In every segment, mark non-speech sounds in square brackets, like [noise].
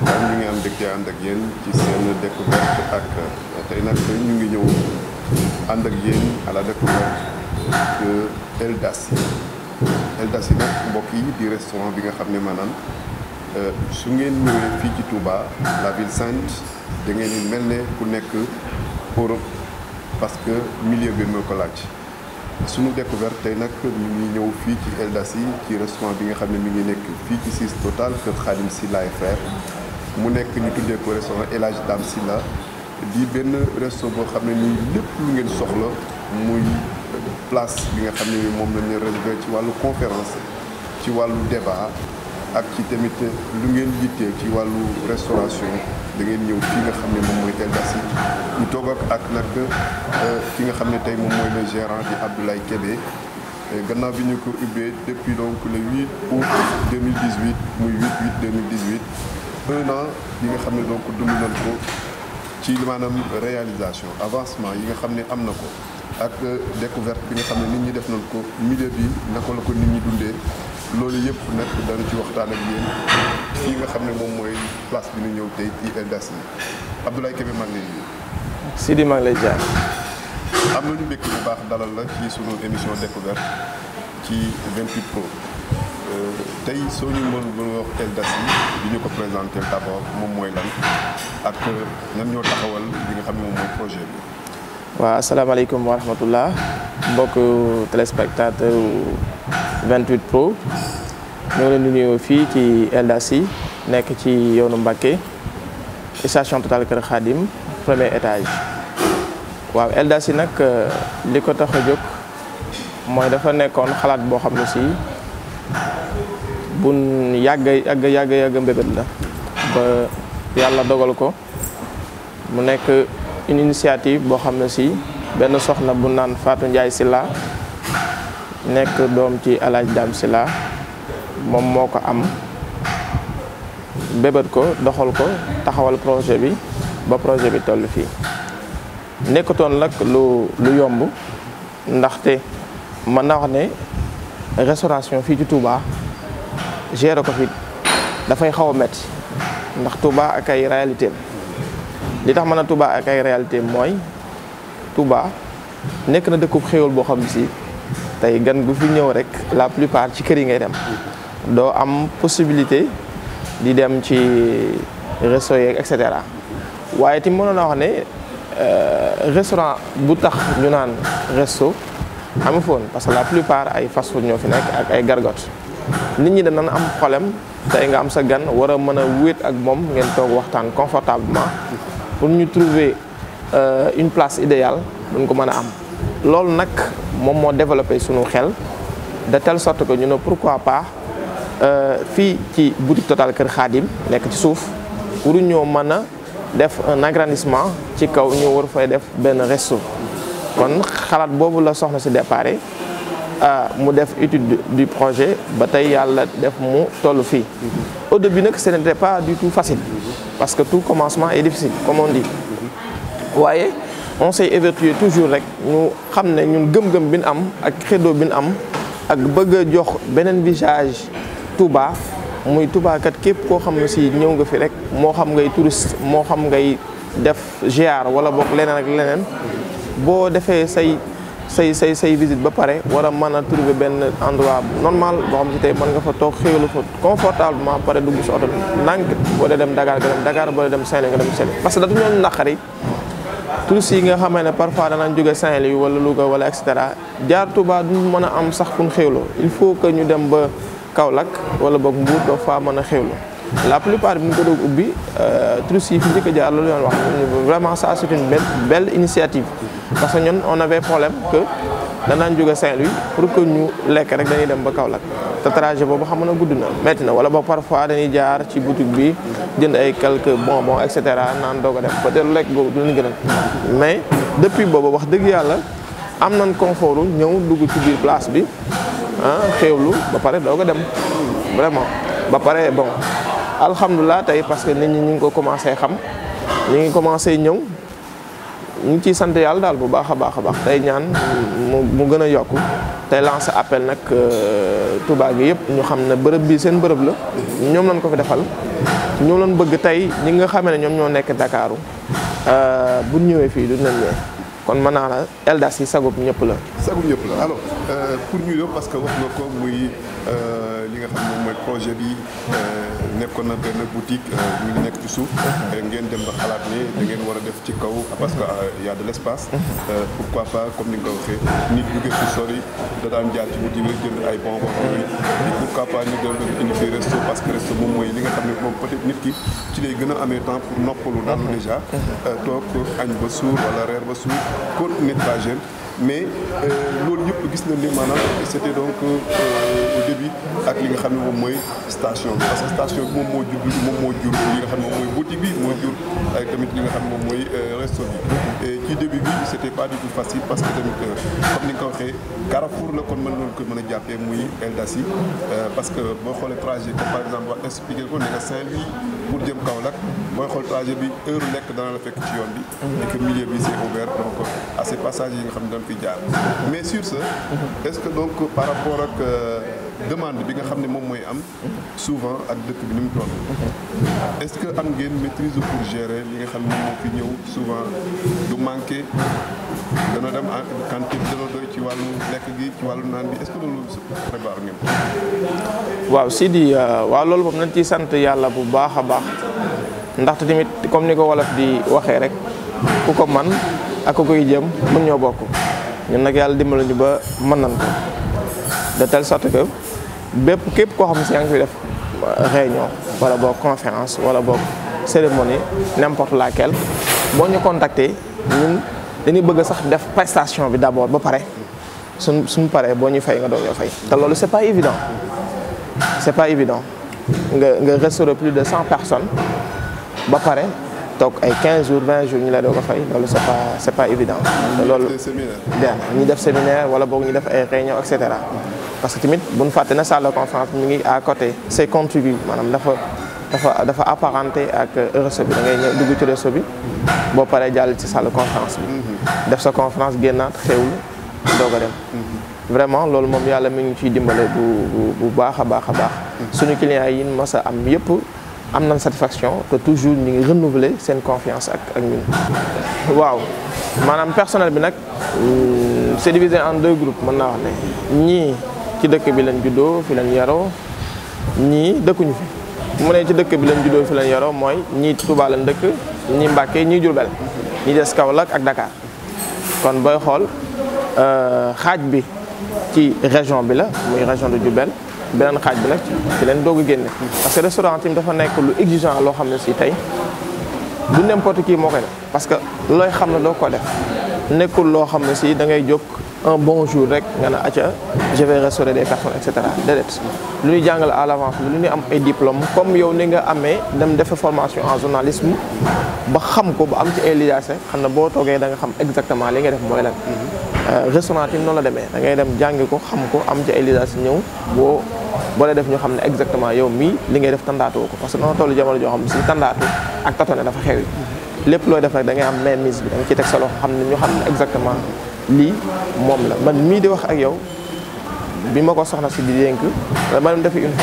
seetaan ñu ngi am mbégte ànd ak yéen ci seen découverte ak tey nag ñu ngi ñëw ànd ak yéen à la découverte de El nag mbokk yi di restaurant bi nga xam ne maanaam euh, su ngeen ñëwee fii ci Touba la ville sainte da ngeen di mel ne ku nekk Europe parce que milieu bi moo ko laaj suñu découverte tey nag ñu ngi ñëw fii ci El Dassy ci restaurant bi nga xam ne mi ngi nekk fii ci Sis Total kër Khadim Sy Laye Frère mu nekk ñu tuddee ko restaurant El Hadj Dame Sylla di benn restaurant boo xam ne nii lépp lu ngeen soxla muy place bi nga xam ne moom la ñu réservé ci wàllu conférence ci wàllu débat ak ci tamit lu ngeen yittee ci wàllu restauration da ngeen ñëw fii nga xam ne moom mooy El Dame ñu toog ak nag fi euh, nga xam ne tey moom mooy le gérant di Abdoulaye Kébé. gannaaw bi ñu ko ubbee depuis donc le 8 août 2018 muy 8 8 2018. un an yi nga xam ne donc dund nañ ko ci maanaam réalisation avancement yi nga xam ne am na ko ak euh, découverte bi nga xam ne nit ñi def nañ ko milieu bi naka la ko nit ñi dundee loolu yëpp nag dana ci waxtaan ak yéen fii nga xam ne moom mooy place bi ñu ñëw tey ci LDAS yi Abdoulaye Kébé maa ngi lay nuyu. Sidi maa ngi lay jaar. am nañu mbégte bu baax dalal la ci suñu émission découverte ci 28 Pro. tey soo ñu mën mën wax Eldassi bi ñu ko présenté d'abord moom mooy lan ak ñan ñoo taxawal li xam ne moom mooy projet bi. waaw asalaamaaleykum wa rahmatullah mbokk téléspectateur 28 pro ñoo leen di nuyoo fii ci Eldassi nekk ci yoonu Mbacké station Total Kër Khadim premier étage waaw Eldassi nag euh, li ko tax a jóg mooy dafa nekkoon xalaat boo xam ne si. bu yàgga yàgga yàgga yàgga mbébét la ba yàlla dogal ko mu nekk une boo xam ne si benn soxna bu naan Fatou Ndiaye Sylla nekk doom ci Alaaji Daam Sylla moom moo ko am mbébét ko doxal ko taxawal projet bi ba projet bi toll fii nekkatoon nag lu lu yomb ndaxte mën naa wax ne restauration fii ci Touba gérer ko fi dafay xaw a métti ndax Touba ak ay réalités li tax mën a Touba ak ay réalités mooy Touba nekk na dëkkub xéwal boo xam si tey gan gu fi ñëw rek la plupart ci kër yi ngay dem doo am possibilité di dem ci resto yeeg et cetera waaye ti mënoon a wax ne euh, restaurant bu tax ñu naan resto amu foon parce que la plupart ay fast food ñoo fi nekk ak ay gargote nit ñi danañ am problème tey nga am sa gan war a mën a wéet ak moom ngeen toog waxtaan confortablement pour ñu trouver euh, une place idéale duñ ko mën a am. loolu nag moom moo développé sunu xel de telle sorte que ñu ne pourquoi pas euh, fii ci boutique Total Kër Xaadim nekk ci suuf pour ñoo mën a def un agrandissement ci kaw ñu war fay def benn resto kon xalaat boobu la soxna si déparé. Ah, mu def étude du projet ba tey yàlla def mu toll fii au bi nag ce n'était pas du tout facile parce que tout commencement est difficile comme on dit waaye on s'est évertué toujours rek ñu xam ne ñun gëm-gëm bi ñu am ak credo bi ñu am ak bëgg a jox beneen visage Touba muy Touba képp koo xam ne si ñëw nga fi rek moo xam ngay touriste moo xam ngay def ziar wala boog leneen ak leneen boo defee say say say say visite ba pare war a mën a trouver benn endroit normal boo xam si tey mën nga fa toog xéwlu fa confortablement pare dugg si oto bi ndànk boo dee dem dagar nga dem Dakar boo dee dem Saint-Louis nga dem Saint-Louis parce que da du leen naqari touristes yi nga xamee ne parfois danañ jóge Saint-Louis wala Louga wala et cetera jaar Touba du mën a am sax fu ñu xéwloo il faut que ñu dem ba Kaolack wala boog Mbuur doo faa mën a xéwlu la plupart bi ñu ko doog ubbi euh, trus yi fi njëkk a jaar loolu yoon wax vraiment ça c'est une belle belle initiative parce que ñun on avait problème que danaa jóge Saint-Louis pour que ñu lekk rek dañuy dem ba Kaolack te trajet boobu xam na gudd na métti na wala ba parfois dañuy jaar ci boutique bi jënd ay quelques bonbons et cetera naan doog a dem peut-être lekk boobu du leen gënal mais depuis boobu wax dëgg yàlla am nañ confort ñëw dugg ci biir place bi ah xéewlu ba pare doog a dem alhamdulilah tey parce que nit ñi ñu ngi ko commencé xam ñu ngi commencé ñëw ñu ngi ciy sant yàlla daal bu baax a baax a baax tey ñaan mu gën a yokk tey lancé appel nag euh, tubaab gi yëpp ñu xam ne bërëb bi seen bërëb la ñoom lañ ko fi defal ñoo doon bëgg tey ñi nga xamee ne ñoom ñoo nekk Dakaaru euh, bu ñëwee fii du nen ñëwee kon mën naa la Eldas yi sagub ñëpp la. sagub ñëpp la alors euh, pour ñu parce que wax nga muy li nga projet bi. nekkoon na benn boutique euh, mi ngi nekk ci suuf euh, ngeen dem ba xalaat ne da ngeen war a def ci kaw parce que euh, y a de l'espace pourquoi pas comme ni nga ko nit jóge ci sori da daan jaar ci boutique bi jënd ay bon wax yooyu pourquoi pas moom mooy li nga xam ne moom peut-être nit ki ci lay gën a amee temps pour noppalu daal déjà toog añ ba suur wala reer ba suur continuer pas jeune mais loolu yëpp gis na ni maanaam c'était donc euh, euh, au ak li nga xam ne moom mooy station bi parce que station bi nga xam ne moom mooy boutique bi moo euh, nga xam ne moom mooy resto bi et ci parce que tamit comme ni a jàppee muy Eldassi parce boo xoolee trajet par exemple wax expliqué ko nekk Saint-Louis xool trajet bi heure nekk dana la yoon bi et que milieu yi nga xam ne dañ fiy jaar mais sur est-ce que donc par rapport ak euh, demande bi nga xam ne moom mooy am. souvent ak dëkk bi ni mu toll. est-ce que am ngeen maîtrise pour gérer li nga xam ne moo fi ñëw souvent du manqué dana dem en quantité dana doy ci wàllu lekk gi ci wàllu naan bi est-ce que loolu prévoir ngeen waaw Sidi euh, waaw loolu moom nañ ci sant yàlla bu baax a baax ndaxte tamit comme ni ko wolof di waxee rek ku ko man ak ku koy jëm mën ñoo bokk. ñu nag yàlla dimbali ñu ba mën nañ ko de telle sorte que bépp képp koo xam ne si yaa ngi fi def euh, réunion wala boo conférence wala boog cérémonie n'importe laquelle boo ñu contacté ñun dañuy bëgg sax def prestation bi d'abord ba pare suñ suñ paree boo ñu fay nga doog a fay te loolu c'est pas évident c'est pas évident nga nga restaurer plus de cent personnes ba pare toog ay 15 jours 20 jours ñu la doog a fay loolu c'est pas c'est pas évident. te loolu bien ñu def séminaire wala boog ñu def ay réunion et parce que tamit bu ñu fàtte na salle de conférence mi ngi à côté c'est contigu maanaam dafa dafa dafa apparenté ak réseau bi da ngay ñëw dugg ci réseau bi boo paree jàll ci salle de conférence bi. Mhm. def sa conférence génnaat xewlu doog a dem. Mhm. vraiment loolu moom yàlla mi ngi ciy dimbale bu bu baax a baax a baax. Mhm. suñu clients yi mës a am yëpp. am nañ satisfaction te toujours ñu ngi renouveler seen confiance ak ak ñun. waaw maanaam personnel bi nag euh, c'est divisé en deux groupes mën naa wax ne ñii ci dëkk bi lañ juddoo fi lañ yaroo ñii dëkkuñu fi. mu ne ci dëkk bi lañ juddoo fi lañ yaroo mooy ñii Touba lañ dëkk ñii Mbacké ñii Diourbel ñii des Kaolack ak Dakar kon booy xool euh, xaaj bi ci région bi la muy région de Diourbel. beneen xaaj bi nag ci leen doog a génne parce que restaurant tamit dafa nekk lu exigeant loo xam ne si tey du n'importe kii moo koy def parce que looy xam ne doo ko def nekkul loo xam ne si dangay jóg un bon jour rek nga ne acca je vais restaurer des personnes et cetera déedéet lu ñuy jàngal à l'avance lu ñuy am ay diplôme comme yow ni nga amee dem defe formation en journalisme ba xam ko ba am ci ay lijaase xam ne boo toogee da nga xam exactement li nga def mooy lan Euh, restaurant yi noonu la demee da ngay dem jàngi ko xam ko am ci ay lisaas ñëw boo boo dee def ñu xam ne exactement yow mii li ngay def tandaatoo ko parce que noonu toll jamono joo xam ne si tandaatu ak tatone dafa xewi lépp looy def nag da ngay am main mise bi danga nga ciy teg sa loxo xam ne ñu xam ne exactement lii moom la man mii di wax ak yow bi ma ko soxna si di dénk ma dem defi une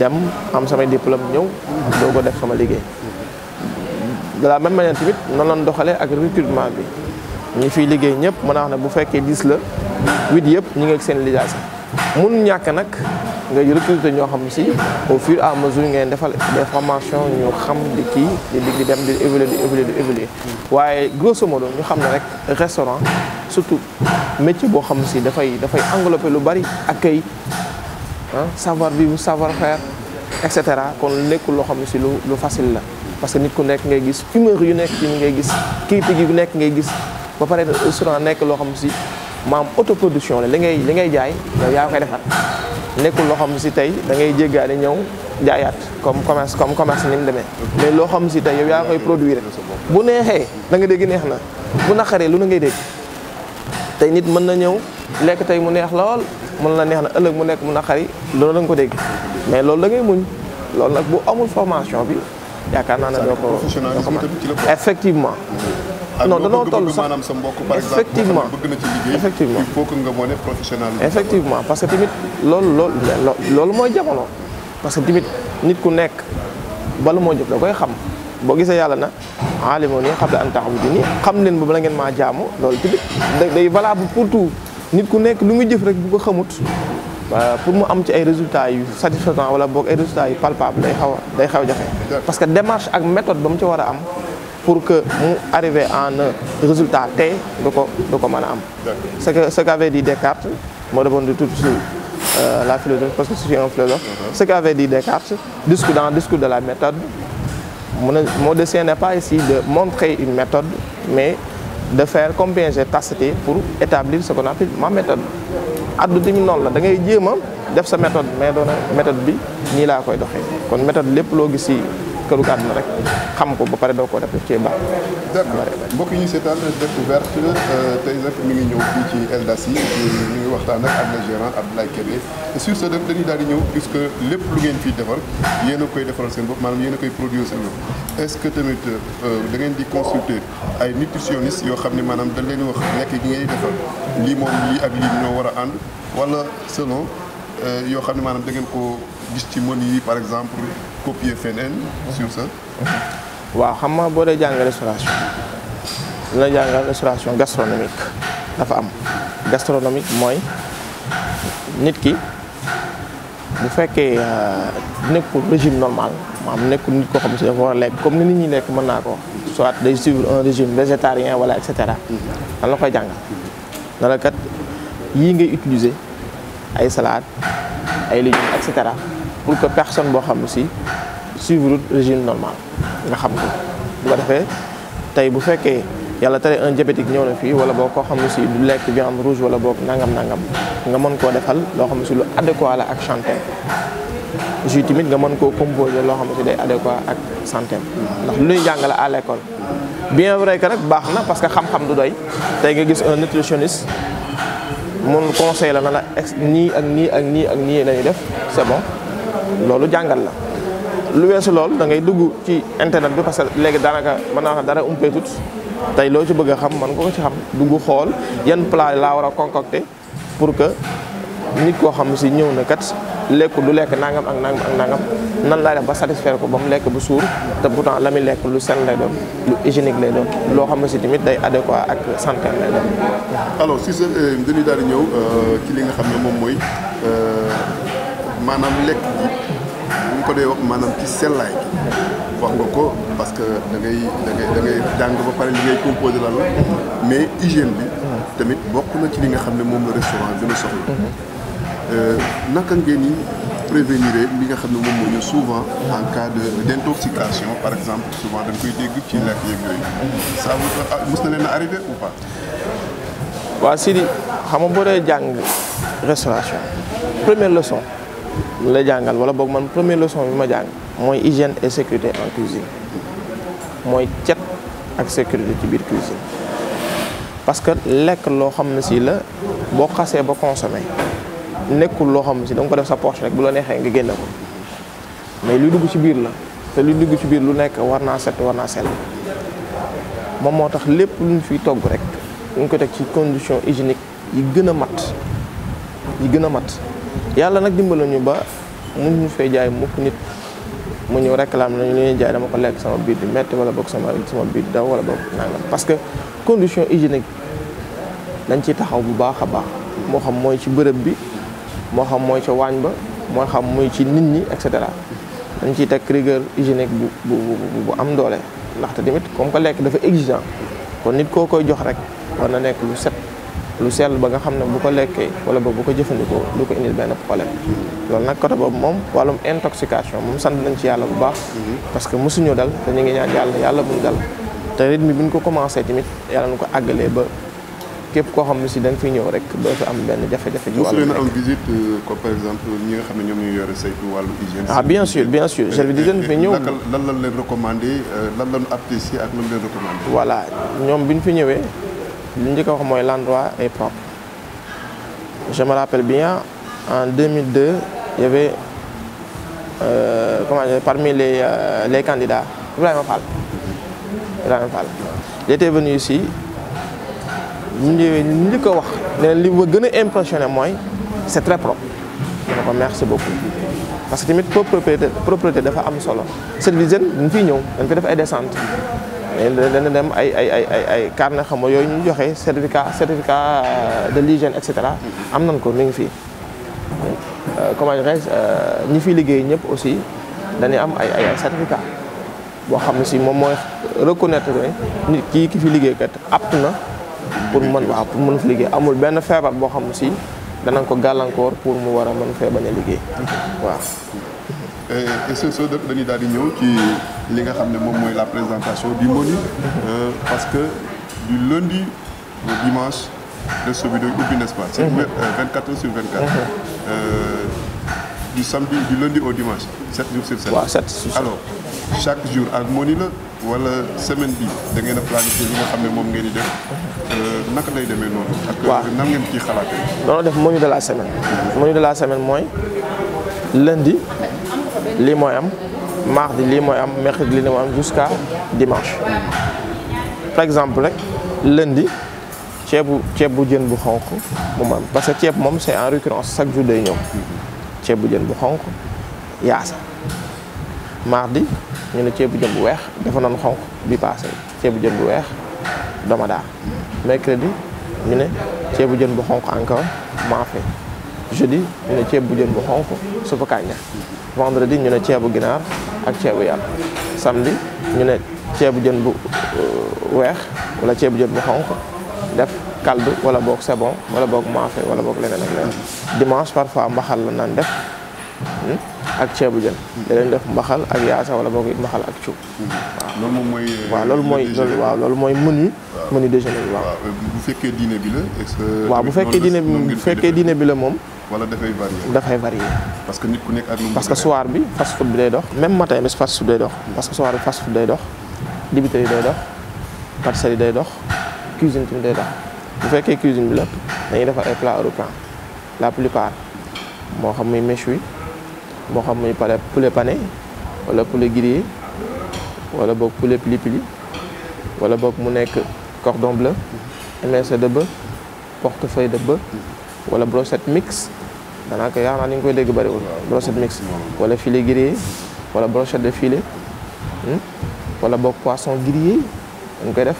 dem am samay diplôme ñëw doo ko def sama liggéey de la même manière tamit noonu lañ doxalee ak bi ñi fi liggéey ñëpp mën naa wax ne bu fekkee 10 la 8 yëpp ñu ngi ak seen lijaasa mun ñàkk nag nga recruter ñoo xam si au fur et à ngeen defal des formations ñu xam di kii di di dem di évoluer di évoluer di évoluer waaye grosso ñu xam na rek restaurant surtout métier boo xam si dafay dafay englober lu bari ak ah savoir vivre savoir faire et cetera kon nekkul loo xam ne si lu lu facile la parce que nit ku nekk ngay gis humeur yu nekk ci ngay gis critique yu nekk ngay gis. ba pare restaurant nekk loo xam si maam autoproduction la li ngay li ngay jaay yow yaa koy defar nekkul loo xam si tey da ngay jéggaani ñëw jaayaat comme commerce comme commerce ni mu demee mais loo xam si tey yow yaa koy produire bu neexee da nga dégg neex na bu naqaree lu na ngay dégg tey nit mën na ñëw lekk tey mu neex lool mën na neex na ëllëg mu nekk mun mu xari loolu la nga ko dégg mais loolu da ngay muñ loolu nag bu amul formation bi yaakaar naa ne doo ko effectivement non danoo toll sax effectivement effectivement effectivement parce que tamit loolu loolu loolu mooy jamono parce que tamit nit ku nekk bala moo jóg da koy xam boo gisee yàlla na aalimo nii xam la an taxawu nii xam leen ba bala ngeen maa jaamu loolu tamit day valable pour tout nit ku nekk lu muy jëf rek bu ko xamut euh, pour mu am ci ay résultat yu satisfaisant wala boog ay résultats yu palpable day xaw a day xaw jafe parce que démarche ak méthode ba mu ci war a am pour que mu arrivé en euh, résultat tey du ko du am ce que ce qu'avait Descartes moo demoon di tudd sur la philosophie parce que je suis un philosophe mhm. ce qu'avait dit Descartes discours dans discours de la méthode mon, mon dessein pas ici de montrer une méthode mais de faire combien j'ai pour établir ce qu'on appelle ma méthode addu tamit la da ngay jéem a def sa méthode mais doona méthode bi nii laa koy doxee kon méthode lépp loo gis këru àdduna rek xam ko ba pare doo ko def daf cee baax. d'accord mbokk yi ñu u découverte tey nag mi ngi ñëw fii ci El Daci ñu ngi waxtaan ak le gérant Abdoulaye Kébé sur ce def dañuy daal di ñëw que lépp lu ngeen fiy defar yéen a koy defaral seen bopp maanaam yéen a koy produire seen bopp est-ce que tamit euh, da ngeen di consulter ay nutritionnistes yoo xam ne maanaam dañ leen wax nekk gi ngay defar lii moom lii ak lii ñoo war a ànd wala selon. Euh, yoo xam ne maanaam da ngeen ko gis ci mën yi par exemple copier feneen sur ça. waaw xam nga boo dee jàng restauration la jàngal restauration gastronomique dafa am gastronomique mooy nit ki bu fekkee euh, nekkul régime normal maanaam nekkul nit koo xam si dafa war a lekk comme ni nit ñi lekk mën naa ko soit day suivre un régime végétarien wala et cetera. lan mhm. la koy jàngal. dana kat ngay utiliser. ay salade ay légumes et cetera pour que personne boo xam si suivre régime normal nga xam ko bu defee tey bu fekkee yàlla tere un diabétique ñëw na fii wala boo koo xam ne si du lekk viande rouge wala boog nangam nangam nga mën koo defal loo xam ne si lu adéquat la ak santeem jus tamit nga mën koo composer loo xam ne si day adéquat ak santeem ndax lu ñuy jàngale à l'école bien vrai que nag baax na parce que xam-xam du doy tey nga gis un nutritionniste mun conseil la na la ex nii ak nii ak nii ak nii la def c'est loolu jàngal la. lu weesu lool da ngay dugg ci internet bi parce que léegi daanaka man naa wax dara umpeetut tey loo ci bëgg xam man ko ci xam dugg xool yan plat laa war a concocter pour que. nit koo xam si ñëw na kat lekk du lekk nangam ak nangam ak nangam nan laa dem ba satisfaire ko ba mu lekk bu suur te pourtant la muy lekk lu sel lay doon lu hygiénique lay doon loo xam si tamit day adéquat ak santé si sa euh, dañuy daal ñëw euh, li nga xam ne moom mooy euh, maanaam lekk gi bu ñu ko dee wax maanaam ci sellaay wax nga ko parce que da ngay da ngay da jàng ba pare li ngay composé lan mais hygiène bi. tamit bokk na ci li nga xam ne moom la restaurant gën soxla. Mm-hmm. Euh, naka ngeen ni prévenir li nga xam ne moom moo souvent en cas de d' par exemple souvent dañ koy dégg ci lekk yeeg yooyu ça vous ah, na leen a arrivé ou pas. waaw Sidi xam nga boo dee jàng restauration première leçon la jàngal wala boog man première leçon bi ma jàng mooy hygiène et sécurité en cuisine mooy cet ak sécurité ci biir cuisine parce que lekk loo xam ne si la boo xasee ba consommé. nekkul loo xam si da nga ko def sa poche rek bu la neexee nga génne ko mais luy dugg ci biir la te luy dugg ci biir lu nekk war naa set war naa sell moom moo tax lépp lu ñu fiy togg rek ñu ko teg ci condition hygiénique yi gën a mat yi gën a mat yàlla nag dimbala ñu ba mun ñu fay jaay mukk nit mu ñëw réclame nañu lu ñuy jaay dama ko lekk sama biir di metti wala boog sama sama biir daw wala boog nangam parce que condition hygiénique dañ ciy taxaw bu baax a baax moo xam mooy ci bërëb bi moo xam mooy ca waañ ba mooy xam muy ci nit ñi et cetera dañ ciy teg rigueur hygiénique bu bu bu am doole ndaxte tamit comme que lekk dafa exigeant kon nit koo koy jox rek war na nekk lu set lu sell ba nga xam ne bu ko lekkee wala ba bu ko jëfandikoo du ko indil benn problème loolu nag côté boobu moom wàllum intoxication mu sant nañ ci yàlla bu baax mhm. parce que mosuñu dal te ñu ngi ñaan yàlla yàlla buñ dal te rythme bi ñu ko commencé tamit yàlla ñu ko àggalee ba képp koo xam ne si da nga fiy ñëw rek doo fi am benn jafe-jafe. ci wàllu am euh, nga xam ne ñoom ñoo yore saytu wàllu hygiène. ah bien sûr bien fi ñëw. Euh, ñoom bi ñu fi ñëwee li njëkk a wax mooy l'endroit est propre je me rappelle bien en 2002 il y avait euh, comment dire parmi les euh, les candidats Ibrahima Fall Ibrahima Fall il était venu ici. ñu ñëwee ñu njëkk wax ne li ma gën a impressionné mooy c'est très propre ma ne ko merci beaucoup parce que tamit propriété propriété dafa am solo service jeune dañ fiy ñëw dañ fi def ay descente dana dem ay ay ay ay ay carnet xam nga yooyu ñu joxe certificat certificat de l'hygiène et cetera am nañ ko mu ngi fii euh, comme dirais-je euh, ñi fi liggéey ñëpp aussi dañuy am ay ay certificat boo xam si moom mooy reconnaître ne nit kii ki fi liggéey kat apt na pour man waaw pour mën fi liggéey amul benn feebar boo xam si danañ ko gàllankoor pour mu war a mën fee bañ a liggéey waaw et euh, dañuy daal di ñëw ci li nga xam ne moom mooy la présentation di menu euh, parce que du lundi au dimanche resto bi doy ubbi n'est-ce pas c'est 24 mhm. euh, heures sur 24 mhm. du samedi du lundi au dimanche 7 jours sur 7 waaw 7 chaque jour ak menu la wala semaine bi da ngeen a planifié li nga xam ne moom ngeen di def euh, naka lay demee noonu. waaw ak euh, nan ngeen ciy xalaatee. dañoo def menu de la semaine. menu de la semaine mooy lundi lii mooy am mardi lii mooy am mercredi lii mooy am jusqu'à dimanche par exemple rek lundi. ceebu ceeb bu jën bu xonq moom am parce que ceeb moom c'est en récurrence chaque jour day ñëw ceeb bu jën bu xonq yaasa mardi ñu ne ceebu jën bu weex defa nañ xonq bi passé ceebu jën bu weex domada mercredi ñu ne ceebu jën bu xonq encore maafe jeudi ñu ne ceebu jën bu xonq suppu kànja vendredi ñu ne ceebu ginaar ak ceebu yàpp samedi ñu ne ceebu jën bu euh, weex wala ceebu jën bu xonq def kaldu wala boog sebon wala boog maafe wala boog leneen ak leneen dimanche parfois mbaxal la naan def hmm? ak ceebu jën. da leen def mbaxal ak yaasa wala boog mbaxal ak cuub. waaau loolu mooy waaw loolu mooy euh, bi waaw euh, bu fekkee diine bi la est-ce waaw bu fekkee diine bi bu fekkee diine bi la moom wala dafay varier dafay varier parce que nit ku parce que soir bi fast food bi day dox même matin bi fast food day dox parce que soir bi fast food day dox dibiteri day dox pâtisserie day dox cuisine tamit day dox bu fekkee cuisine bi la dañuy defar ay plat européen la plupart moo xam muy méchoui moo xam muy pare poulet pané wala poulet grillé wala boog poulet pili pili wala boog mu nekk cordon bleu émincé de bœuf portefeuille de bœuf wala brochette mix daanaka yaakaar naa ni ñu koy dégg bëriwul brochette mix wala filet grillé wala brochette de filet hmm, wala boog poisson grillé dañ koy def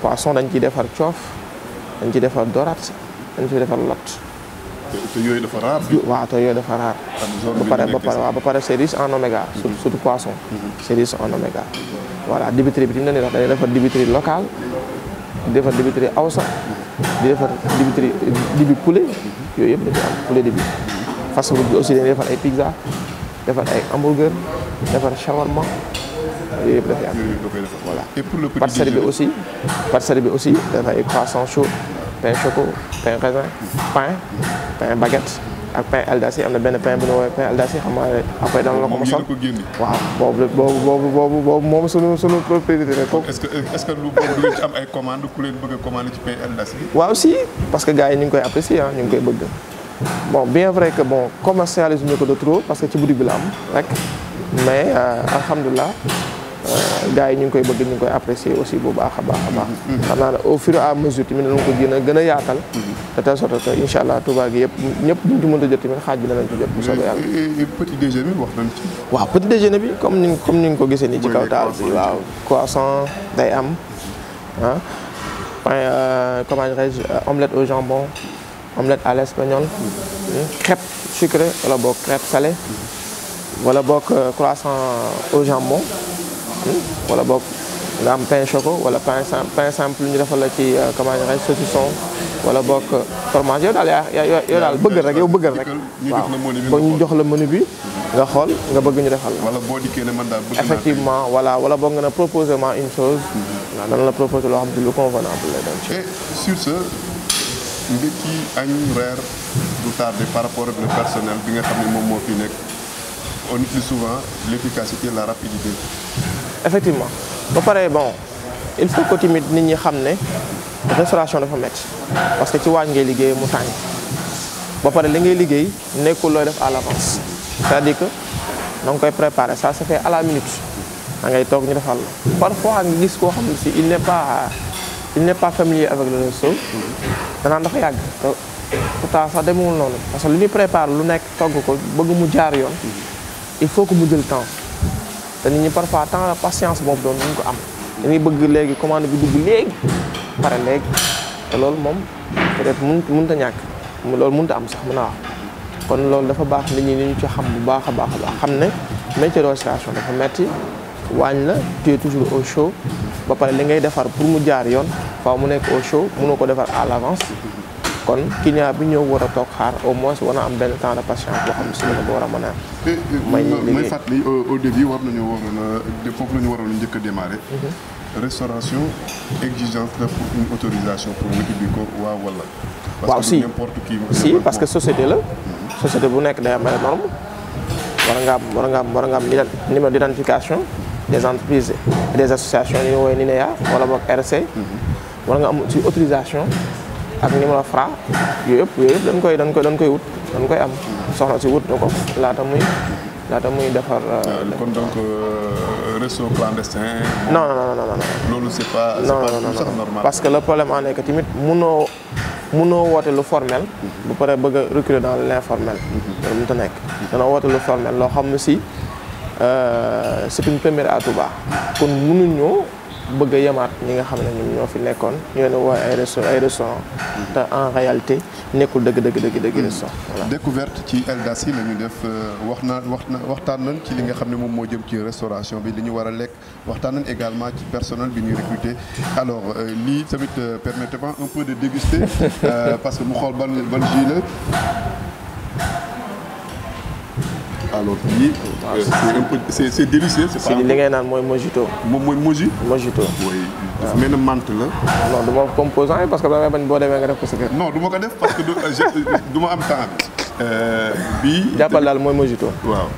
poisson dañ ciy defar coof dañ ciy defar dorade dañ ciy defar lot te yooyu te yooyu dafa raar. ba pare ba pare waaw ba pare c'est riche en oméga. Mhm. surtout poisson. Mhm. c'est en oméga. voilà dibiterie bi fi mu ne nii defar dibiterie locale. di defar dibiterie awsa. di defar dibiterie dibi poulet. Mhm. yooyu yëpp dañuy am poulet dibi. fast food bi aussi dañuy defar pizza. defar hamburger. defar shawarma. yooyu yëpp dafay am voilà. et pour le bi aussi. pâtisserie bi aussi chaud. pain choco pain raisin pain. pain baguette ak pain eldasi am na benn pain bu ñu woowee pain eldasi xam nga après dama la ko mosal waaw boobu boobu boobu moom sunu sunu propriété que est-ce a commandé waaw si parce que gars yi ñu ngi koy apprécier ah, ñu ngi koy bëgg bon bien vrai que bon commercialise ñu ko de trop parce que ci boutique bi la am rek mais euh, alhamdulilah Euh, gars yi ñu ngi koy bëgg ñu ngi koy apprécier aussi bu baax a baax a baax xam naa ne au fur et à mesure tamit danañ ko gën a gën a yaatal de telle sorte que incha allah Touba gi yëpp ñëpp duñ a jot tamit xaaj bi danañ ci jot bu soobee yàlla bi waaw petit déjeuner bi comme ni comme ni nga ko gisee nii ci kaw taal bi waaw croissant day am ah pain euh, comment dirais-je euh, omelette au jambon omelette à l'espagnol crêpe sucrée wala boog crêpe salée wala boog croissant au jambon wala boog nga am pain choco wala pain pain simple ñu defal la ci euh, comment dirais saucisson wala boog fromage yow daal yaa yow daal bëggal rek yow bëggal rek. waaw ba ñu jox la menu bi. nga xool nga bëgg ñu defal la. wala boo dikkee ne man daal effectivement voilà wala boog nga ne proposé ma une chose. Mm-hmm. waaw dana la proposé loo xam ne lu convenable lay doon. et sur ce ndekki añ reer du tardé par rapport ak le personnel bi nga xam ne moom moo fi nekk on dit souvent l' efficacité effectivement ba pare bon il faut que nit ñi xam ne restauration dafa métti parce que ci waañ ngay liggéey mu tàng ba pare li ngay liggéey nekkul looy def à l'avance cest à que da nga koy préparer ça se fait à la minute da ngay toog ñu defal la parfois nga gis koo xam ne si il ne pas il n'est pas familier avec le resto danaan dafa yàgg te pourtant sax demewul noonu parce que lu ñu prépare lu nekk togg ko bëgg mu jaar yoon il faut que mu jël temps te nit ñi parfois temps la patience boobu doon ñu ko am dañuy bëgg léegi commande bi dugg léegi pare léegi te loolu moom peut-être mun mënut ñàkk loolu mun a am sax mën a wax kon loolu dafa baax nit ñi ñu ci xam bu baax a baax a xam ne métier restauration dafa metti waañ la tu es toujours au chaud ba pare li ngay defar pour mu jaar yoon waaw mu nekk au mun mënoo ko defar à l'avance kon client bi ñëw war a toog xaar au moins war a am benn temps de patience boo xam si ne ko war a mën a. Euh, may may fàttali euh, au début war nañu waroon a foofu la a démarrer. Mhm. restauration exigence de pour parce que société la. Mhm. société bu nekk day am ay norme war nga war nga am war nga am numéro d' identification des entreprises des associations yu ñu woowee NINEA wala boog RC. Mhm. war nga am ci autorisation. ak numéro Fra yooyu yëpp dan koy dan koy dañ koy wut dañ koy am soxna si wut na ko laata muy laata muy defar. Euh, euh, kon donc euh, réseau clandestin. non loolu c'est pas c'est pas parce que le problème en est que tamit munoo munoo woote lu formel. bu paree bëgg a dans l'informel. loolu mënut nekk. dana woote lu formel loo xam nu si c'est première à Touba kon munuñoo. bëgg a yemaat ñi nga xam ne ñoom ñoo fi nekkoon ñoo ne waaye ay restaurant ay restaurant te en réalité nekkul dëgg dëgg dëgg dëgg restaurant hmm. voilà découverte ci Eldassi la ñu def euh, wax naa wax na waxtaan nañ ci li nga xam ne moom moo jëm ci restauration bi li ñu war a lekk waxtaan nañ également ci personnel bi ñuy recruter alors euh, lii tamit euh, permettez-moi un peu de déguster [laughs] parce que mu xool ban ban jus la à leur pays. li ngay naan mooy mojito. moom mooy moji. mojito oui. waaw ah. dafa mel ne menthe la. non du composant yi que damay bañ demee nga def du ma ko def parce que du euh, euh, du ma am temps bi. Euh, bii. [laughs] jàppal daal mooy mojito.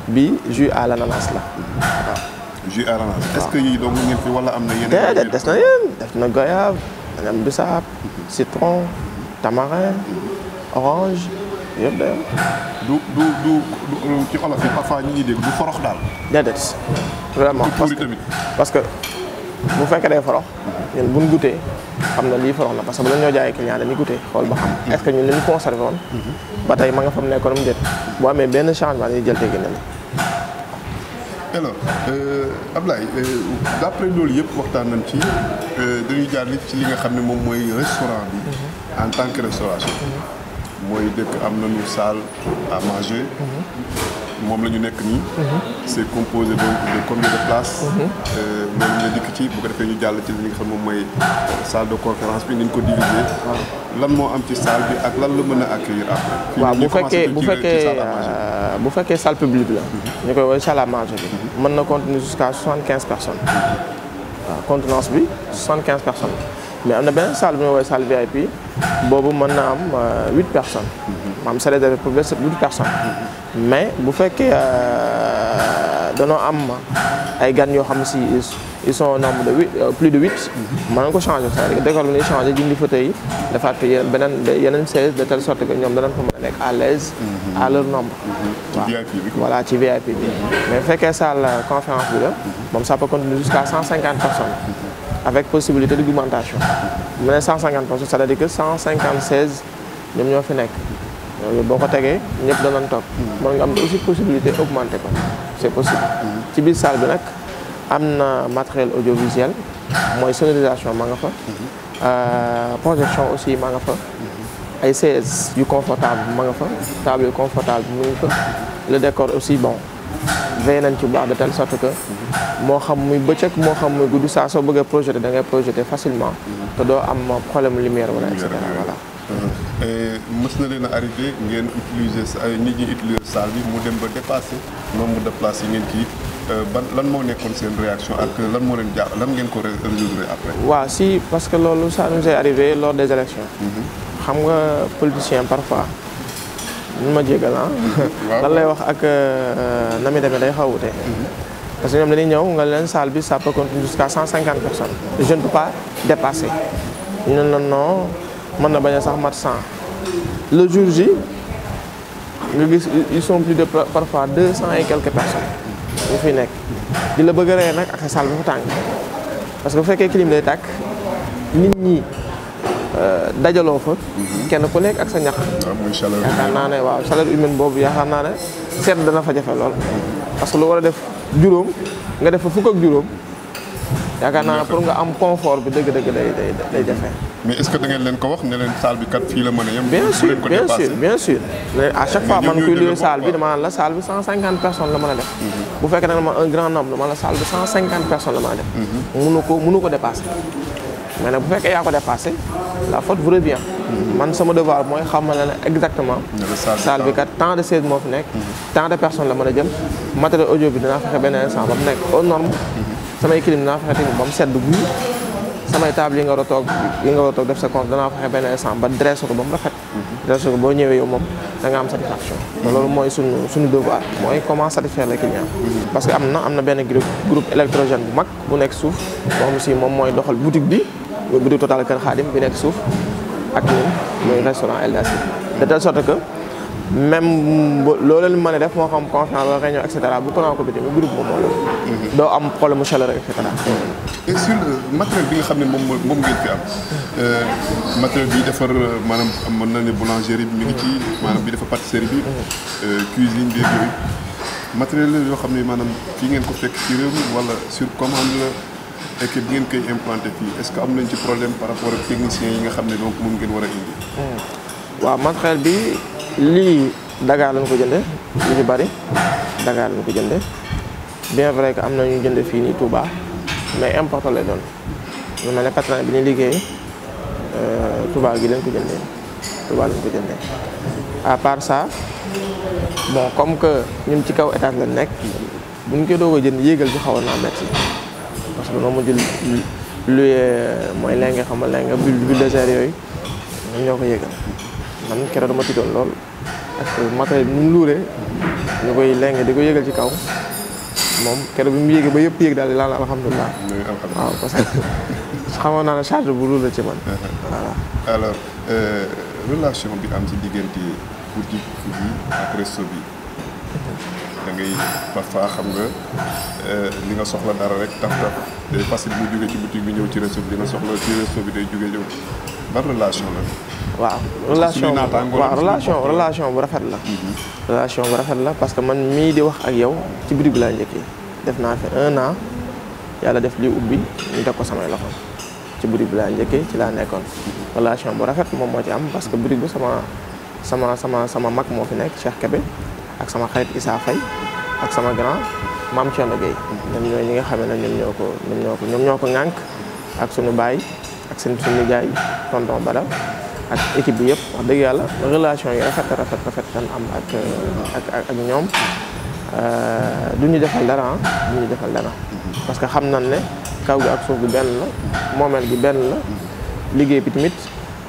bi bii jus à l'ananas la ah. ah. que yii donc ngeen am na yeneen. déedéet na yéen def na goyave. am mhm. citron. tamarin. Mhm. orange. yëpp day am. du du du du ci olof yi parfois du forox daal. déedéet vraiment parce parce que bu fekkee day forox ñun bu ñu goûtee xam na lii forox na parce que bu la ñoo jaayee client dañuy goûtee xool ba xam. Mm-hmm. est-ce que ñun li ñu conservé woon. Mm-hmm. ba tey ma nga fa mu nekkoon mu déet. boo amee benn changement dañuy jël tegi na la. alors euh, euh, loolu yëpp waxtaan nañ ci euh, dañuy jaar ci li nga xam ne moom mooy restaurant bi. Mm-hmm. en tant que restauration. mooy dëkk am nañu salle à manger. moom la ñu nekk nii. c' est composé donc de combien de places. Euh, moom nga dikk ci bu defee ñu jàll ci li nga xam moom mooy salle de conférence bi ni ñu ko diviser. lan moo am ci salle bi ak lan la mën a accueillir après. waaw bu fekkee bu fekkee euh, bu fekkee salle publique la. Mhm. ñu koy woowee salle à manger bi. Mhm. mën na contenir jusqu'à soixante quinze personnes. waaw contenance bi soixante quinze personnes. mais am na beneen salle bu ñu woowee salle VIP boobu mën na am euh, huit personnes. maanaam c'est réservé pour huit personnes. mais bu fekkee euh, danoo am ay gan yoo xam si ils sont au nombre de huit euh, plus de huit. mën nañu ko changer c'est-à-dire décor bi ñuy changer jëndi fauteuil yi defaat yeneen chaise de telle sorte que ñoom danañ fa mën a nekk à l'aise à leur nombre. ci VIP bi ci VIP bi. mais bu fekkee salle conférence bi la moom sa peut continuer jusqu'à cent cinquante personnes. avec possibilité d'augmentation. mu ne 150 personnes c'est-à-dire que 156 ñoom ñoo fi nekk boo ko tegee ñëpp danañ toog. mën nga am aussi possibilité augmenter ko c'est possible. ci biir saal bi nag am na matériel audiovisuel mooy sonorisation ma nga fa. Euh, projection aussi ma nga fa. ay chaises yu confortable ma nga fa table yu confortable mu ngi fa le décor aussi bon. veillé nañ ci bu de telle sorte que moo xam muy bëccëg moo xam muy gudd saa soo bëggee projeté da ngay projeté facilement te doo am problème lumière wala et cetera euh, euh, leen a arrivé ngeen utiliser euh, nit ñi utiliser salle bi mu dem ba dépassé nombre de places yi ngeen kii ban lan moo nekkoon seen réaction ak lan moo leen jaar lan ngeen ko résoudre parce que loolu ça nous est arrivé lors des élections mm-hmm. xam nga politicien parfois. ñu ma jégal ah. lan lay wax ak euh, euh, na muy demee day xaw a wute mhm. parce que ñoom dañuy ñëw nga leen salle bi sa peut contenir jusqu'à cent cinquante personnes je ne peux pas dépasser ñu ne la non mën na bañ a sax mat cent le jour J nga gis ils sont plus de parfois deux cent et quelques personnes ñu fi nekk di la bëgg a rey nag ak salle bi fa tàng parce que bu fekkee clim day tàkk nit ñi. Euh, dajaloo fa. Mhm. kenn ku nekk ak sa ñax. Ah, yaakaar naa ne waaw chaleur humaine boobu yaakaar naa ne seet dana fa jafe lool. parce que lu war a def juróom nga def fa fukk ak juróom. yaakaar naa pour nga am confort bi dëgg dëgg day jafe. mais est leen ko wax ne leen salle bi kat fii la mën a a def. bu fekkee ne ma un grand nombre dama la salle bi 150 personnes la mën a def. Mhm. mënu mhm. ko mënu ko dépasser. mais ne bu fekkee yaa ko dépassé la faute vous man sama devoir mooy xamal la exactement salle bi kat tant de sièges moo fi nekk mhm. tant de personnes la mën a jël matériel audio bi dinaa fexe benn instant ba mu nekk aux normes mhm. samay clim dinaa fexe tamit ba mu sedd guy samay table yi nga war a toog yi nga war a toog def benn instant ba dressé ko ba mu rafet mhm. dressé ko boo ñëwee yow moom da nga am satisfaction te loolu mooy suñu suñu devoir mooy comment satisfaire les clients parce que am na am na benn groupe groupe électrogène bu mag bu nekk suuf boo si moom mooy doxal boutique bi boutique bi nekk suuf ak ñun muy restaurant Eldassi de telle sorte que même bu loo leen mën a def moo xam conférence wala réunion et cetera bu tolloo ko bi mhm. bi nga xam ne moom moom ngeen fi am euh, matériel bi defar euh, maanaam mën na ne boulangerie bi mi ngi ci maanaam bi dafa pâtisserie bi. Mhm. Euh, cuisine bi yooyu matériel la yoo xam ne maanaam fii ngeen ko fekk ci réew mi wala sur la. équipe bi ngeen koy implanté fii est-ce que am nañ ci problème par rapport ak techniciens yi nga xam ne donc moom ngeen war a indi. Hmm. waaw man bi lii Dakar lañ ko jënde li ñu bari Dakar lañ ko jënde bien vrai que am na ñu jënd fii nii Touba mais important lay doon lu mel ne patron bi ñu liggéey euh, tubaa gi lañ ko jëndee Touba lañ ko jëndee à part bon comme que ñun ci kaw étage la nekk bu ñu koy doog a jënd yéegal bi xawoon naa métti. parce que noo mujj luyee mooy lenga xam nga lenga bulldozer yooyu ñoom ñoo ko yëgal man keroog dama tiitoon lool parce que matériel bi mu luuree ñu koy lenga di ko yëgal ci kaw moom keroog bi mu yéegee ba yëpp yéeg daal di laal alhamdulilah. waaw parce que xamoon naa ne charge bu loolu la ci man. voilà alors euh, relation bi am ci diggante Kourdi Kourdi ak resto bi. da ngay parfois xam nga euh, li nga soxla dara rek taf taf day bi mu jóge ci boutique bi ñëw ci resto bi dina soxla ci resto bi day jóge ñëw ban relation la. waaw relation waaw relation relation bu rafet la. Mm-hmm. relation bu rafet la parce que man mii di wax ak yow ci boutique bi laa njëkkee def naa fi un an yàlla def lii ubbi ñu teg ko samay loxo ci boutique bi laa njëkkee ci laa nekkoon. relation bu rafet moom moo ci am parce que boutique bi sama sama sama sama mag moo fi nekk Cheikh Kébé. ak sama xarit yi Issa Faye ak sama grand maam Thierno Gueye ñoom ñi nga xam ne ñoom ñoo ko ñoom ñoo ko ñoom ñoo ko ŋànk ak suñu baay ak seen sunu nijaay tonton Bada ak équipe bi yëpp wax dëgg yàlla relation yi rafet rafet rafet kan am ak ak ak ñoom euh, du ñu defal dara ah du ñu defal dara parce que xam na ne kaw gi ak suuf gi benn la moomeel gi benn la liggéey bi tamit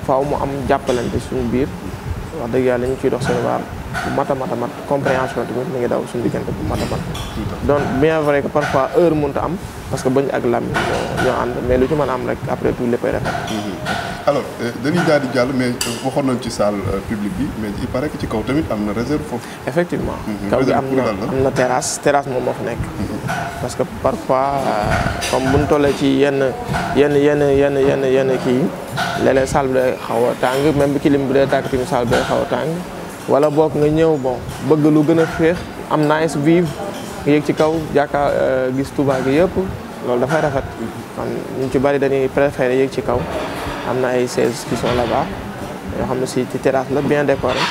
faaw mu am jàppalante suñu biir wax dëgg yàlla ñu ciy dox seen waar bu mat a mat a compréhension tamit mi ngi daw suñu diggante bu mat a mat donc bien vrai que parfois heure mënut a am parce que bañ ak làmmiñ ñoo ñoo mais lu ci mën a am rek après tout léppay rafet mhm. alors dañuy daal di jàll mais euh, waxoon nañ ci salle euh, publique bi mais il paraît que ci kaw tamit am na réserve foofu effectivement mhm. kaw gi am na am na terrasse terrasse moom moo fa nekk mhm. parce que parfois euh, comme bu buñ tollee ci yenn yenn yenn yenn yenn yenn kii léeg-léeg salle bi a tàng même bi clim bi day tàng tamit salle bi xaw a tàng wala boog nga ñëw bon bëgg lu gën a féex am nice vive nga yëg ci kaw jàkkaar euh, gis Touba gi yëpp loolu dafay rafet man ñu ci bari dañuy préféré yëg ci kaw am na ay chaises qui sont là-bas yoo xam ne si ci terrasse la bien décoré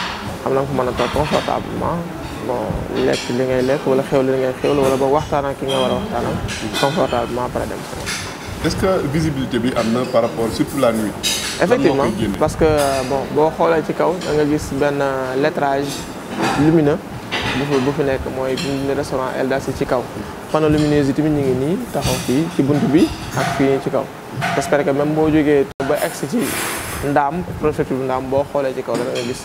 am na nga ko mën a toog confortablement bon lekk li ngay lekk wala xew li ngay xewlu wala boog waxtaan ak ki nga war a waxtaan ak après dem est-ce que visibilité bi am na par rapport surtout la nuit effectivement parce que euh, bo boo xoolee ci kaw da nga gis benn euh, lettrage lumineux bu fi bu fi nekk mooy bu restaurant Elda ci kaw panneau lumineux yi tamit ñu ngi nii taxaw fii ci bunt bi ak fii nii ci kaw j'espère que même boo jógee ba egsi ci ndaam préfecture ndaam boo xoolee ci kaw da nga gis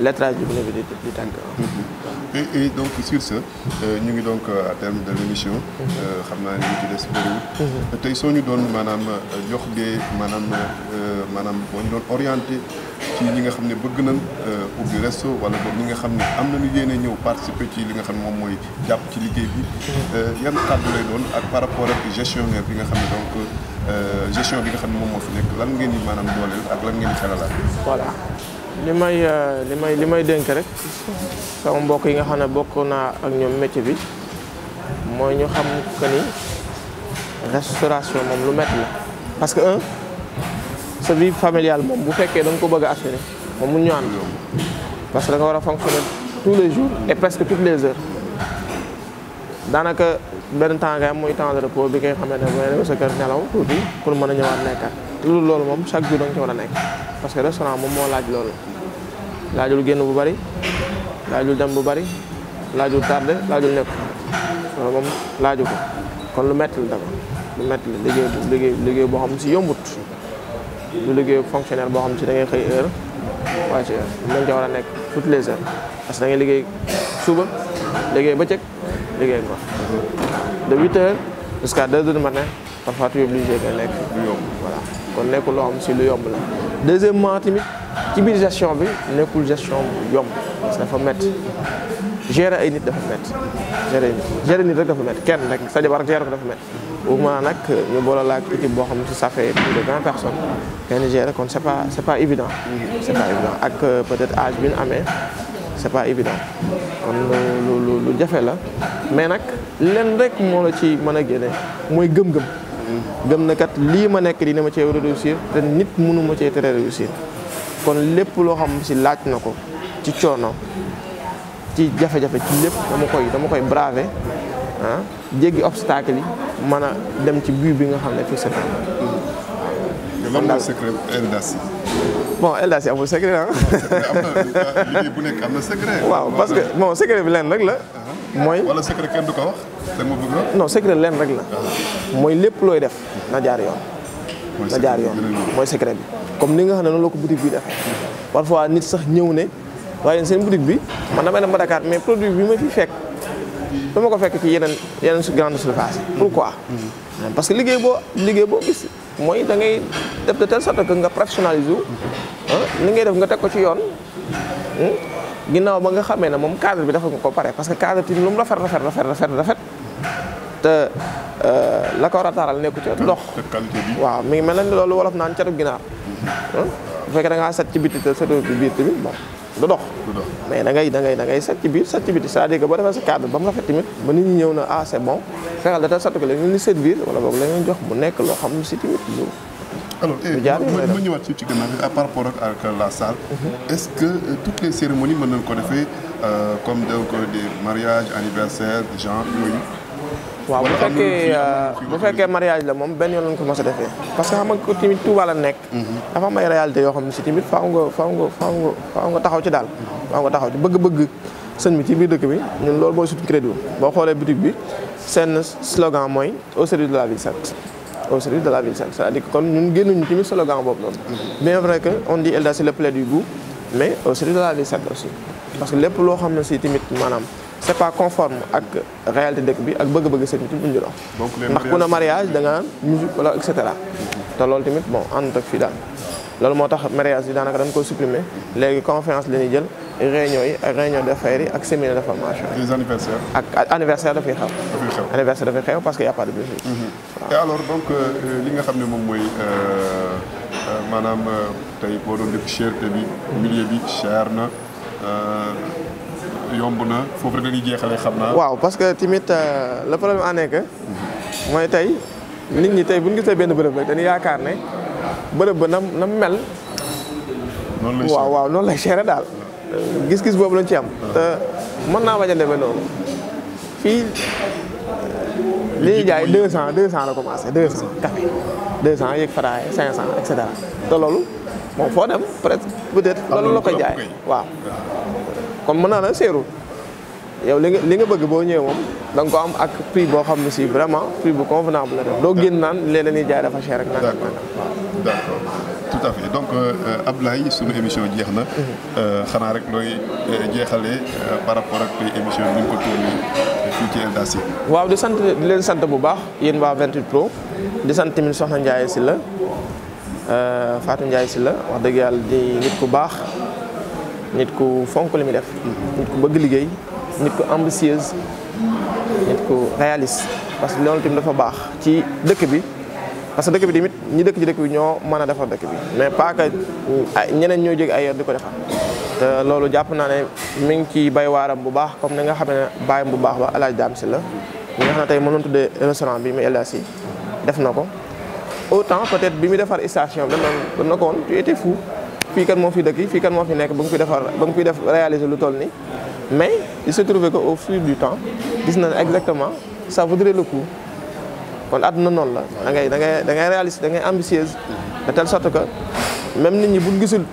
lettrage lumineux bi di di et, donc sur ce euh, ñu ngi donc euh, à terme de l'émission euh, xam naa ne ñu ci des tey soo ñu doon maanaam jox dee maanaam maanaam boo ñu doon orienté ci ñi nga xam ne bëgg nañ ubbi resto wala boog ñi nga xam ne am lu yéene ñëw participer ci li nga xam ne moom mooy jàpp ci liggéey bi yan kàddu doon ak par rapport ak gestionnaire bi nga xam ne donc gestion bi nga xam ne moom moo fi nekk lan ngeen di maanaam dooleel ak lan ngeen di xelalaat voilà li may euh, li may li may dénk rek sama mbokk yi nga xam ne bokk naa ak ñoom métier bi mooy ñu xam que ni restauration moom lu métti la. parce que un sa vie familiale moom bu fekkee da ko bëgg a assurer moom mu ñu ànd parce que da war a fonctionner tous les jours et presque toutes les heures daanaka benn temps nga am muy temps de repos bi ngay xamante ne mooy sa kër nelaw tuuti pour mën a ñëwaat nekkaat. loolu loolu moom chaque jour da nga war a nekk parce que restaurant moom moo laaj loolu laajul génn bu bari laajul dem bu bari laajul tardé laajul nekk loolu moom laaju ko kon lu metti la lu metti la liggéey liggéey liggéey boo xam si yombut lu liggéey fonctionnaire boo xam si da ngay xëy heure waaye ci heure lu mën war a nekk toutes les heures parce que da liggéey suba liggéey bëccëg liggéey ngoon de huit heures jusqu'à deux heures matin parfois tu es obligé kon nekkul loo xam si lu yomb la deuxièmement tamit ci biir gestion bi nekkul gestion bu yomb parce que dafa métti gérer ay nit dafa métti gérer nit gérer nit rek dafa métti kenn rek sa jabar rek gérer ko dafa métti waxuma nag ñu boole la ak équipe boo xam ne ça fait plus de vingt personnes kenn gérer kon c'est pas c'est pas évident c'est pas évident ak euh, peut-être âge min ñu amee c'est pas évident kon lu lu lu jafe la mais nag lenn rek moo la ci mën a génne mooy gëm-gëm gëm na kat lii ma nekk dina ma cee war a réussir te nit mënu ma cee tere réussir kon lépp loo xam si laaj na ko ci coono ci jafe-jafe ci lépp dama koy dama koy braver ah jéggi obstacle yi mën a dem ci but bi nga xam ne fixé na. lan mooy secret Eldassi ah. [laughs] am na liggéey waaw parce que bon secret bi leen rek la. mooy wala secret kenn ko wax te leen rek la mooy lépp looy def na jaar yoon na jaar yoon mooy secret bi comme ni nga xam ne noonu loo ko boutique bi defee parfois nit sax ñëw ne waaye seen boutique bi man damay dem ba Dakar mais produit bi ma fi fekk dama ko fekk ci yeneen yeneen grande surface pourquoi mm-hmm. parce que liggéey boo liggéey boo gis mooy dangay ngay def de telle sorte que nga professionnaliser wu li ngay def nga teg ko ci yoon hmm, ginnaaw ba nga xamee ne moom cadre bi dafa nga ko pare parce que cadre bi lu mu rafet rafet rafet te euh, la ko war nekku ci dox waaw mi ngi mel ne loolu wolof naan catu ginaar bu fekkee da ngaa set ci biti te setu ci biir tamit bon da ngay da ngay da ngay set ci biir set ci biti c'est-à-dire que sa cadre ba mu rafet tamit ba nit ñëw na ah c'est bon fexeel da ta setu ko la ngeen di servir wala boog la ngeen jox mu nekk loo xam si tamit alors eh, ma ñëwaat ci ci gannaaw par rapport ak la salle mhm. est-ce que euh, toutes les cérémonies mën nañ ko defee euh, comme donc des mariages anniversaire genre waaw bu fekkee euh, bu fekkee mariage la moom benn yoon lañ ko mos a defee parce que xam nga tamit Touba la nekk mhm. dafa am ay réalité yoo xam ne si tamit faaw nga faaw nga faaw nga nga taxaw ci daal mhm. faaw nga taxaw ci bëgg-bëgg sëñ bi ci biir dëkk bi ñun loolu mooy suñu crédit boo xoolee boutique bi seen slogan mooy au service de la vie sainte au service de la ville saine c'est-à-dire que kon ñun génnuñu tamit slogan boobu noonu. bien vrai que on dit Elda c'est le plaid du goût mais au service de la ville saine parce que lépp loo xam ne si tamit maanaam c'est pas conforme ak réalité dëkk bi ak bëgg-bëgg seen bi buñ ñu dox. ndax ku ne mariage da ngaa musique wala et cetera. te loolu tamit bon ànd ak fii daal loolu moo tax mariage yi daanaka dañ ko supprimer léegi confiance la ñuy jël. réunion yi ak réunion d'affaires yi ak séminaire de formation yi. les anniversaires. anniversaire dafay xew. anniversaire dafay xew parce que y' a pas de budget. Mhm. Euh, euh, li nga xam ne moom mooy euh, maanaam tey boo doon def cherté bi. milieu bi na yomb na foofu rek la ñuy xam naa. waaw parce que tamit le problème en est mooy tey nit ñi tey bu ñu gisee benn bërëb rek dañuy yaakaar ne bërëb ba nam mel. waaw waaw noonu lay cher daal. gis-gis boobu lañ ci am. te mën naa bañ a demee noonu fii li ñuy jaay deux cent deux cent la commencé deux cent café deux cent yëg cinq cent et cetera te loolu moom foo dem presque peut-être loolu la koy jaay waaw kon mën naa la seeru yow li nga li nga bëgg boo ñëwee moom da am ak prix boo xam ne si vraiment prix bu convenable la def doo génn naan lee dañuy jaay dafa cher rek naan waaw tout à fait donc euh, euh, Abdoulaye émission jeex na. Euh, xanaa rek looy jeexalee par rapport ak émission bi ñu ko tourné fii waaw di sant di leen sant bu baax yéen waa 28 pro di sant tamit Soxna Ndiaye Sylla Fatou si la wax dëgg yàlla di nit ku baax nit ku fonk li muy def. nit ku bëgg liggéey nit ku ambitieuse nit ku réaliste parce que loolu tamit dafa baax ci dëkk bi. parce que dëkk bi tamit ñi dëkk ci dëkk bi ñoo mën a defar dëkk bi mais pas que ah, ñeneen ñoo jóge ailleurs di ko defar te loolu jàpp naa ne mi ngi ci bay waaram bu baax comme ni nga xam ne bàyyam bu baax ba alaaj daam si la ñi nga xam ne tey mënoon tuddee restaurant bi muy def na ko autant peut bi mu defar station bi danoon dan fii kan moo fi dëkk fii kan moo fi nekk ba nga koy defar ba nga koy def réaliser lu toll ni mais il se trouvé que au fil du temps gis na exactement ça vaudrait le coup kon àdduna noonu la da ngay da ngay da ngay réaliste da ngay ambitieuse de telle sorte que même nit ñi bu gisul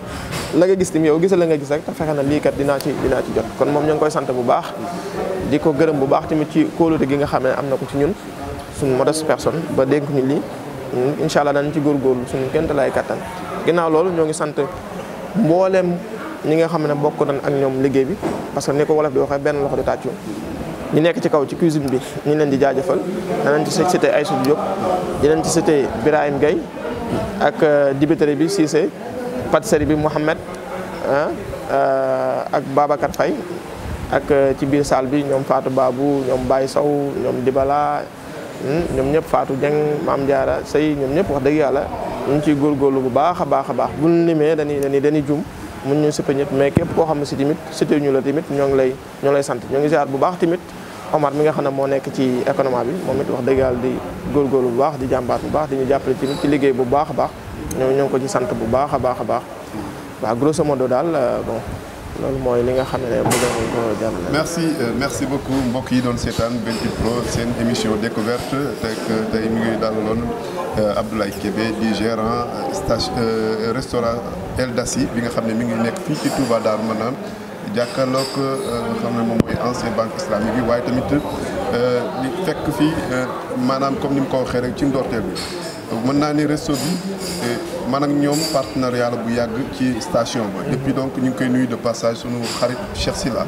la nga gis tim yow gisal la nga gis rek te fexe na lii kat dinaa ci dinaa jot kon moom ñoo ngi koy sant bu baax di ko gërëm bu baax tamit ci kóolute gi nga xam ne am na ko ci ñun suñu modeste personne ba dénk ñu lii incha allah danañ ci góor góorgóorlu suñu kent laay kattan ginnaaw loolu ñoo ngi sant mboolem ñi nga xam ne bokk nañ ak ñoom liggéey bi parce que ni ko wolof di waxee benn loxo du tàccu ñu nekk ci kaw ci cuisine bi ñu leen di jaajëfal danañ ci cité Aïssou Diop dinañ ci cité Birahim Gueye ak euh, dibiteri bi Cissé pâtisserie bi Mouhamed euh, ak Babacar fay ak euh, ci biir salle bi ñoom faatu Babou ñoom Baye Sow ñoom Dibala hmm, ñoom ñëpp Fatou Dieng Maam jaara say ñoom ñëpp wax dëgg yàlla ñu ngi ciy góorgóorlu bu baax a baax a baax buñ limee dañuy dañuy jum mun ñu sëpp ñëpp mais képp koo xam ne si tamit ñu la timit ñoo ngi lay ñoo lay sant ñoo ngi ziar bu baax tamit Omar mi nga xam ne moo nekk ci économie bi moom it wax dëgg yàlla di góorgóorlu bu baax di jàmbaat bu baax di ñu jàppale ci ci liggéey bu baax baax ñoo ñoo ko ci sant bu baax a baax a baax waaw grosso modo daal euh, bon loolu mooy li nga xam ne mu ngi ko jàmm. merci euh, merci beaucoup mbokk yi doon seetaan Béthio Pro seen émission découverte tey tey mi ngi dalaloon euh, Abdoulaye Kébé di gérant stage restaurant El Daci bi nga xam ne mi ngi nekk fii ci Touba ma Manane. jàkkaarloog euh, nga xam ne moom mooy ancien banque islamique bi waaye tamit li euh, fekk fi euh, maanaam comme ni mu ko waxee rek ci ndorteel bi. mën naa ne resto bi man ak ñoom partenariat bu yàgg ci station ba depuis donc ñu ngi koy nuyu de passage sunu xarit Cheikh Silla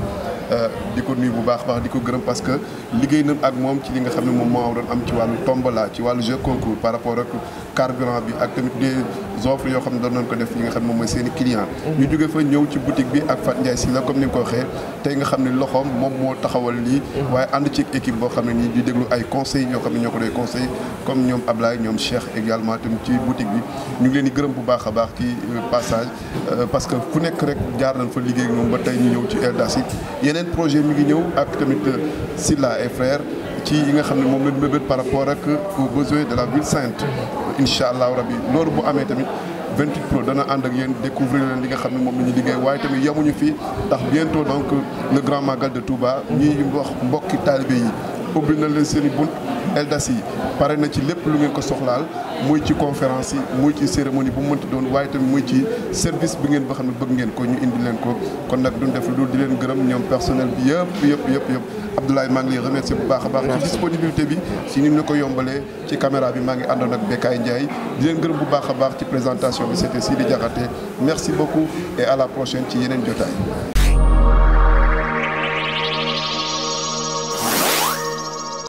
di ko nuyu bu baax a baax di ko gërëm parce que liggéey na ak moom ci li nga xam ne moom moo doon am ci wàllu tombola ci wàllu jeu concours par rapport ak carburant bi ak tamit des offres yoo xam ne doon nañ ko def yi nga xam ne moom mooy seen i client ñu jóge fa ñëw ci boutique bi ak Fatou Ndiaye si la comme ni nga ko waxee tey nga xam ne loxoom moom moo taxawal lii mm-hmm. waaye ànd ci équipe boo xam ne nii di déglu ay conseils yoo xam ne ñoo ko doy conseil comme ñoom Ablaye ñoom Cheikh également tamit ci boutique bi ñu ngi leen di gërëm bu baax a baax ci euh, passage euh, parce que ku nekk rek jaar nañ fa liggéey moom ba tey ñu ñëw ci Eldaci projet mi ngi ñëw ak tamit euh, Silla et frère ci yi nga xam ne moom la mébét par rapport ak aux besoins de la ville sainte incha allah rabi loolu bu amee tamit 28 pro dana ànd ak yéen découvrir leen li nga xam ne moom la ñuy liggéey waaye tamit yemuñu fii ndax bientôt donc le grand magal de Touba ñi wax mbokki taalibe yi ubbil na leen seen i bunt eldas pare na ci lépp lu ngeen ko soxlaal muy ci conférence yi muy ci cérémonie bu mu doon waaye tamit muy ci service bi ngeen ba xam ne bëgg ngeen ko ñu indi leen ko kon nag duñ def lu di leen gërëm ñoom personnel bi yëpp yëpp yëpp yëpp Abdoulaye maa ngi lay remercier bu baax a baax ci disponibilité bi si ni ñu ko yombalee ci caméra bi maa ngi àndoon ak Bekaay Ndiaye di leen gërëm bu baax a baax ci présentation bi c'était Sidi Diakhaté merci beaucoup et à la prochaine ci yeneen jotaay